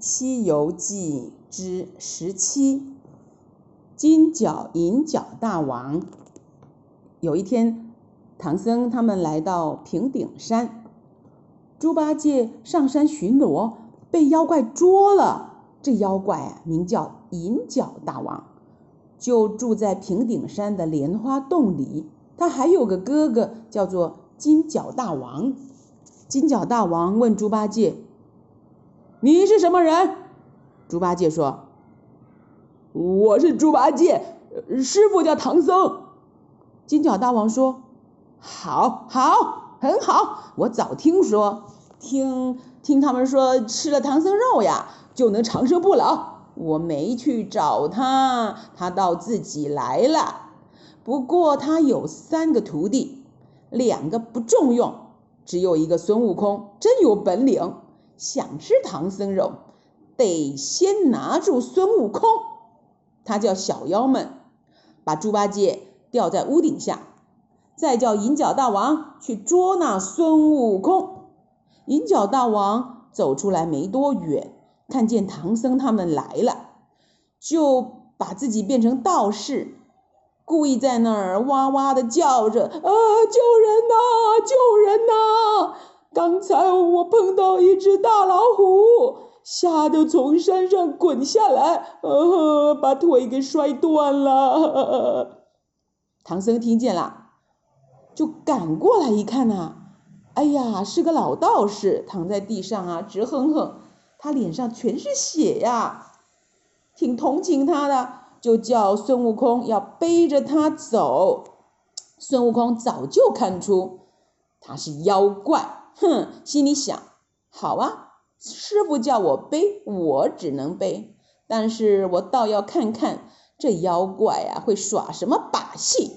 《西遊記》之十七：金角銀角大王。有一天，唐僧他們來到平頂山，豬八戒上山巡邏，被妖怪捉了。這妖怪啊，名叫銀角大王，就住在平頂山的蓮花洞裡。他還有個哥哥，叫做金角大王。金角大王問豬八戒。你是什麼人？豬八戒說：“我是豬八戒，師傅叫唐僧。”金角大王說：“好，好，很好，我早聽說，聽聽他們說吃了唐僧肉呀，就能長生不老。我沒去找他，他倒自己來了。不過他有三個徒弟，兩個不重用，只有一個孫悟空，真有本領。”想吃唐僧肉，得先拿住孫悟空。他叫小妖們把豬八戒吊在屋頂下，再叫銀角大王去捉拿孫悟空。銀角大王走出來沒多遠，看見唐僧他們來了，就把自己變成道士，故意在那兒哇哇的叫着：“呃、啊，救人吶、啊，救人吶、啊！”剛才我碰到一隻大老虎，嚇得從山上滾下來，呃，把腿給摔斷了。唐僧聽見了，就趕過來一看吶、啊，哎呀，是個老道士躺在地上啊，直哼哼，他臉上全是血呀、啊，挺同情他的，就叫孫悟空要背着他走。孫悟空早就看出他是妖怪。哼，心裡想，好啊，師傅叫我背，我只能背。但是我倒要看看這妖怪啊會耍什麼把戲。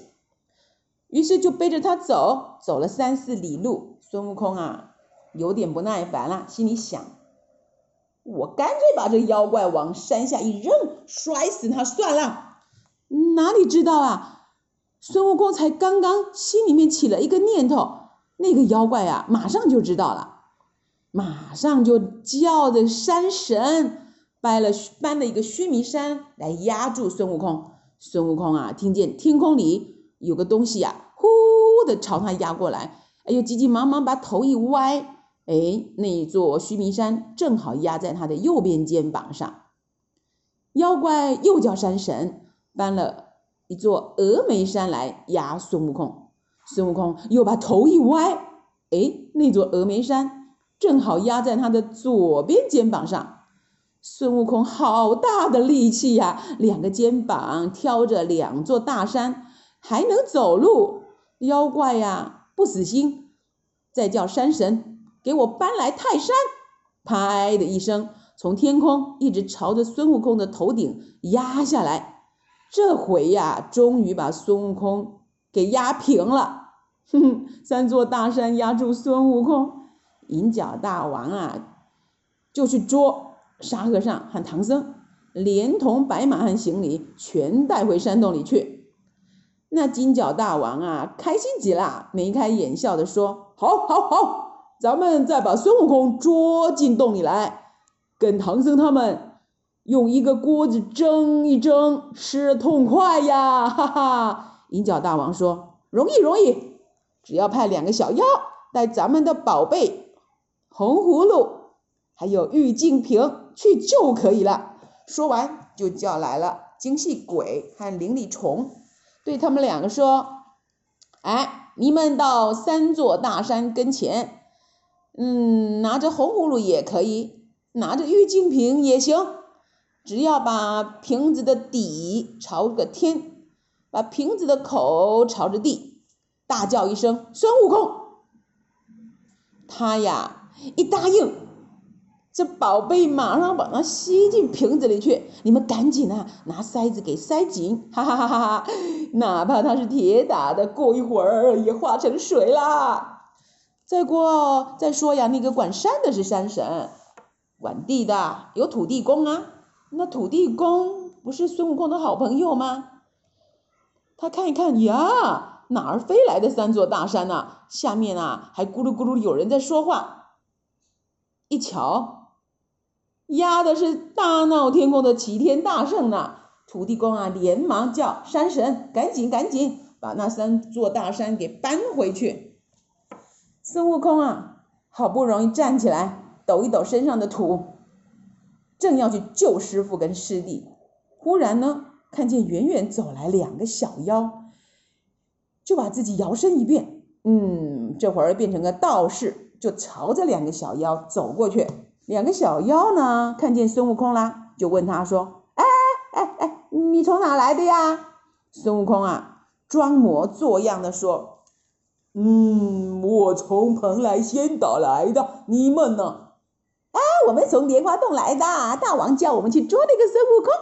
於是就背着他走，走了三四里路。孫悟空啊，有點不耐煩了，心裡想：我乾脆把這妖怪往山下一扔，摔死他算了。哪裡知道啊，孫悟空才剛剛心裡面起了一個念頭。那個妖怪啊，馬上就知道了，馬上就叫的山神搬了搬了一個須彌山來壓住孫悟空。孫悟空啊，聽見天空裡有個東西呀、啊，呼呼的朝他壓過來，哎呦，急急忙忙把頭一歪，哎，那一座須彌山正好壓在他的右邊肩膀上。妖怪又叫山神，搬了一座峨眉山來壓孫悟空。孫悟空又把頭一歪，哎，那座峨眉山正好壓在他的左邊肩膀上。孫悟空好大的力氣呀、啊，兩個肩膀挑着兩座大山，還能走路。妖怪呀、啊，不死心，再叫山神給我搬來泰山，啪的一聲，從天空一直朝着孫悟空的頭頂壓下來。這回呀、啊，終於把孫悟空。給壓平了，哼哼，三座大山壓住孫悟空，銀角大王啊，就去捉沙和尚和唐僧，連同白馬和行李全帶回山洞裡去。那金角大王啊，開心極了，眉開眼笑的說：“ 好，好，好，咱們再把孫悟空捉進洞裡來，跟唐僧他們用一個鍋子蒸一蒸，吃得痛快呀！”哈哈。銀角大王說：“容易，容易，只要派兩個小妖帶咱們的寶貝紅葫蘆，還有玉淨瓶去就可以了。”說完，就叫來了精細鬼和伶俐蟲，對他們兩個說：“哎，你們到三座大山跟前，嗯，拿着紅葫蘆也可以，拿着玉淨瓶也行，只要把瓶子的底朝個天。”把瓶子的口朝着地，大叫一聲：“孫悟空！”他呀一答應，這寶貝馬上把它吸進瓶子裡去。你們趕緊吶，拿塞子給塞緊！哈哈哈哈！哪怕他是鐵打的，過一會兒也化成水啦。再過再說呀，那個管山的是山神，管地的有土地公啊。那土地公不是孫悟空的好朋友嗎？他看一看呀，哪兒飛來的三座大山呢、啊？下面啊還咕嚕咕嚕有人在說話。一瞧，壓的是大鬧天宮的齊天大聖呢、啊。土地公啊連忙叫山神，趕緊趕緊，趕緊把那三座大山給搬回去。孫悟空啊，好不容易站起來，抖一抖身上的土，正要去救師傅跟師弟，忽然呢。看見遠遠走來兩個小妖，就把自己搖身一變，嗯，這會兒變成個道士，就朝着兩個小妖走過去。兩個小妖呢，看見孫悟空啦，就問他說：“哎哎哎哎，你從哪來的呀？”孫悟空啊，裝模作樣的說：“嗯，我從蓬萊仙島來的。你們呢？哎，我們從蓮花洞來的。大王叫我們去捉那個孫悟空。”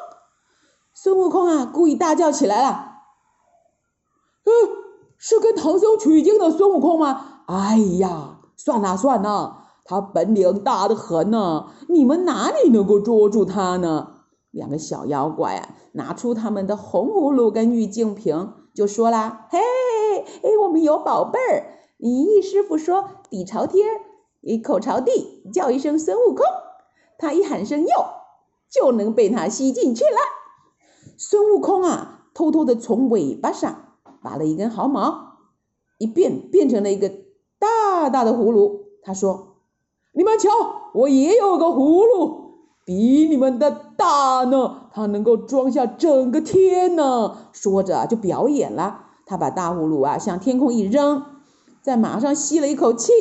孫悟空啊，故意大叫起來了。嗯，是跟唐僧取經的孫悟空嗎？哎呀，算了算了，他本領大得很呢，你們哪裡能夠捉住他呢？兩個小妖怪啊，拿出他們的紅葫蘆跟玉淨瓶，就說啦：“嘿，哎，我們有寶貝兒。你師傅說底朝天，一口朝地，叫一聲孫悟空，他一喊聲‘喲’，就能被他吸進去了。”孫悟空啊，偷偷地從尾巴上拔了一根毫毛，一變變成了一個大大的葫蘆。他說：“你們瞧，我也有個葫蘆，比你們的大呢。它能夠裝下整個天呢。”說着就表演了。他把大葫蘆啊向天空一扔，再馬上吸了一口氣，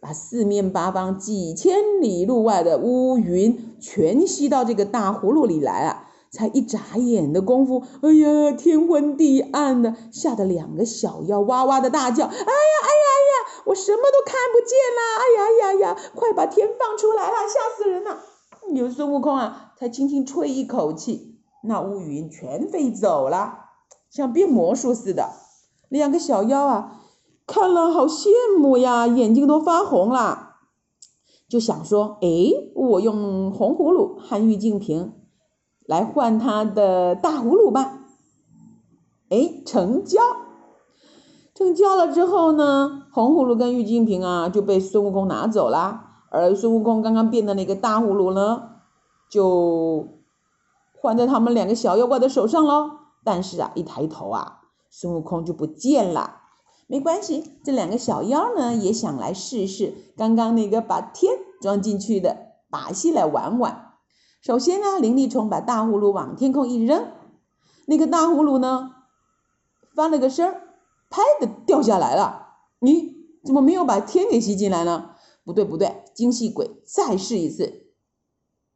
把四面八方幾千里路外的烏雲全吸到這個大葫蘆裡來啊！才一眨眼的功夫，哎呀，天昏地暗的，嚇得兩個小妖哇哇的大叫：“哎呀，哎呀，哎呀，我什麼都看不見啦！哎呀呀、哎、呀，快把天放出來啦！嚇死人了！”有、嗯、孫悟空啊，才輕輕吹一口氣，那烏雲全飛走了，像變魔術似的。兩個小妖啊，看了好羨慕呀，眼睛都發紅啦，就想說：“哎，我用紅葫蘆換玉淨瓶。”來換他的大葫蘆吧，誒，成交！成交了之後呢，紅葫蘆跟玉淨瓶啊，就被孫悟空拿走了，而孫悟空剛剛變的那個大葫蘆呢，就換在他們兩個小妖怪的手上嘍。但是啊，一抬頭啊，孫悟空就不見了。沒關係，這兩個小妖呢，也想來試試剛剛那個把天裝進去的把戲來玩玩。首先呢，伶俐蟲把大葫蘆往天空一扔，那個大葫蘆呢翻了個身，拍啪的掉下來了。你怎麼沒有把天給吸進來呢？不對不對，精細鬼，再試一次。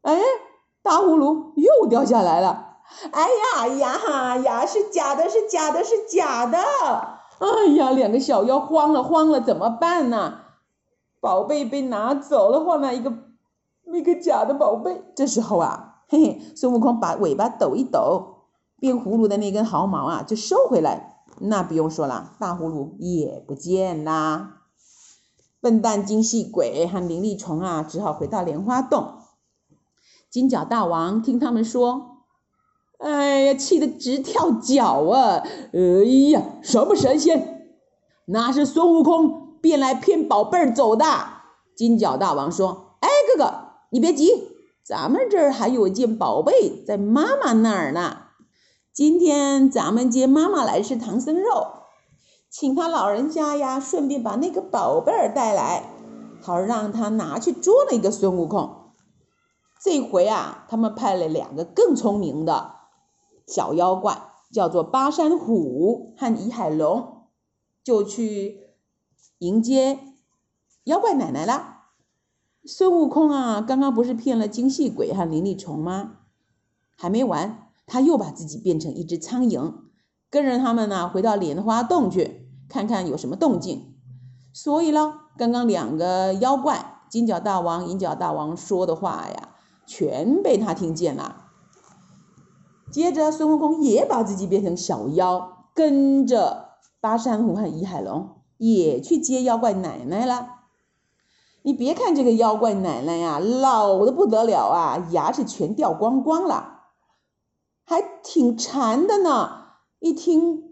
哎，大葫蘆又掉下來了。哎呀呀呀，是假的，是假的，是假的。哎呀，兩個小妖慌了慌了，怎麼辦呢？寶貝被拿走了，換了一個。那個假的寶貝，這時候啊，嘿嘿，孫悟空把尾巴抖一抖，變葫蘆的那根毫毛啊就收回來，那不用說了，大葫蘆也不見啦。笨蛋、精細鬼和伶俐蟲啊，只好回到蓮花洞。金角大王聽他們說，哎呀，氣得直跳腳啊！哎呀，什麼神仙？那是孫悟空變來騙寶貝兒走的。金角大王說：“哎，哥哥。”你別急，咱們這兒還有一件寶貝在媽媽那兒呢。今天咱們接媽媽來吃唐僧肉，請她老人家呀，順便把那個寶貝兒帶來，好讓他拿去捉了一個孫悟空。這回啊，他們派了兩個更聰明的小妖怪，叫做巴山虎和倚海龍，就去迎接妖怪奶奶了。孫悟空啊，剛剛不是騙了精細鬼和伶俐蟲嗎？還沒完，他又把自己變成一隻蒼蠅，跟着他們呢，回到蓮花洞去，看看有什麼動靜。所以呢，剛剛兩個妖怪，金角大王、銀角大王說的話呀，全被他聽見了。接着，孫悟空也把自己變成小妖，跟着巴山虎和倚海龍也去接妖怪奶奶了。你別看這個妖怪奶奶呀、啊，老得不得了啊，牙齒全掉光光了，還挺饞的呢。一聽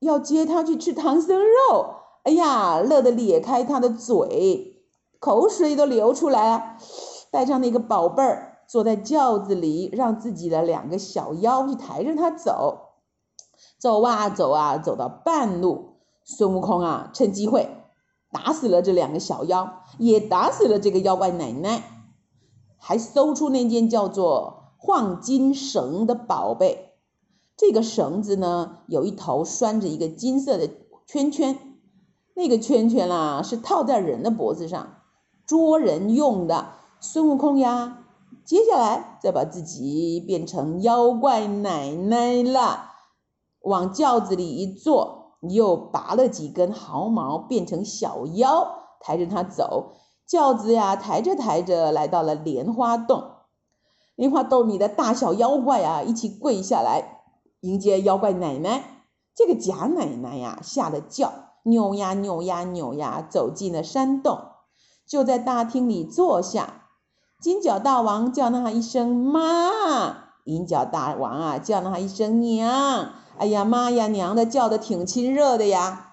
要接她去吃唐僧肉，哎呀，樂得咧開她的嘴，口水都流出來了。帶上那個寶貝兒，坐在轎子裡，讓自己的兩個小妖去抬着他走。走啊走啊，走到半路，孫悟空啊，趁機會打死了這兩個小妖。也打死了這個妖怪奶奶，還搜出那件叫做“幌金繩”的寶貝。這個繩子呢，有一頭拴着一個金色的圈圈，那個圈圈啦、啊、是套在人的脖子上捉人用的。孫悟空呀，接下來再把自己變成妖怪奶奶了，往轎子裡一坐，又拔了幾根毫毛變成小妖。抬着他走轎子呀，抬着抬着，來到了蓮花洞。蓮花洞裡的大小妖怪啊，一起跪下來迎接妖怪奶奶。這個假奶奶呀，下了轎，扭呀扭呀扭呀，走進了山洞，就在大廳裡坐下。金角大王叫了她一聲媽，銀角大王啊叫了她一聲娘。哎呀媽呀娘的叫的挺親熱的呀。